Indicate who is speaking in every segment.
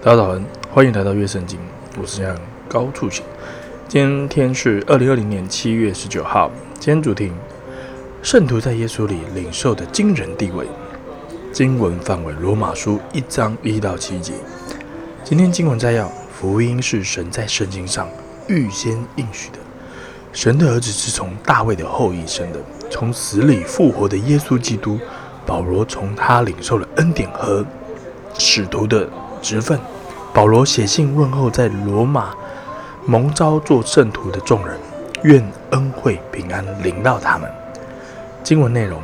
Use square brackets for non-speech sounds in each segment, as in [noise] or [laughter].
Speaker 1: 大家早,早安，歡迎來到樂聖經。我是楊高處行。今天,天是二零二零年七月十九號。今天主題：聖徒在耶穌裡領受的驚人地位。經文範圍：羅馬書一章一到七節。今天經文摘要：福音是神在聖經上預先應許的。神的兒子是從大衛的後裔生的，從死裡復活的耶穌基督。保羅從他領受了恩典和使徒的。職分，保羅寫信問候在羅馬蒙召作聖徒的眾人，願恩惠平安臨到他們。經文內容：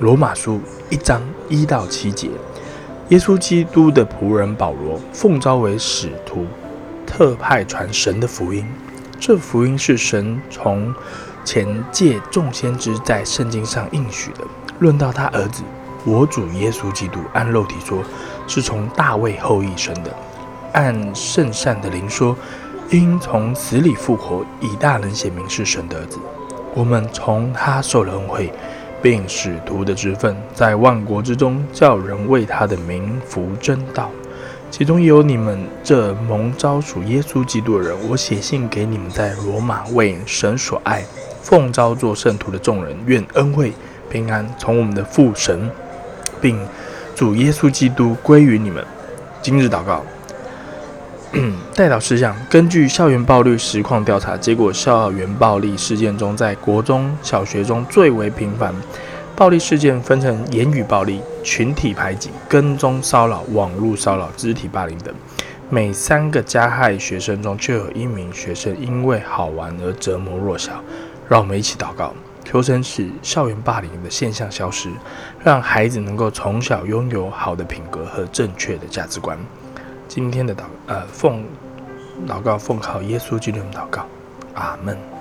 Speaker 1: 羅馬書一章一到七節。耶穌基督的僕人保羅奉召為使徒，特派傳神的福音。這福音是神從前借眾先知在聖經上應許的。論到他兒子。我主耶穌基督，按肉體說，是從大衛後裔生的；按聖善的靈說，因從死裡復活，以大能顯明是神的兒子。我們從他受了恩惠，並使徒的職分，在萬國之中叫人為他的名服真道。其中有你們這蒙召屬耶穌基督的人，我寫信給你們在羅馬為神所愛、奉召作聖徒的眾人，願恩惠平安從我們的父神。並主耶穌基督歸於你們。今日禱告。嗯， [coughs] 代禱事項：根據校園暴力實況調查結果，校園暴力事件中，在國中小學中最為頻繁。暴力事件分成言語暴力、群體排擠、跟蹤騷擾、網絡騷擾、肢體霸凌等。每三個加害學生中，就有一名學生因為好玩而折磨弱小。讓我們一起禱告。求神使校園霸凌的現象消失，讓孩子能夠從小擁有好的品格和正確的價值觀。今天的禱呃奉，禱告奉靠耶穌基督的禱告，阿門。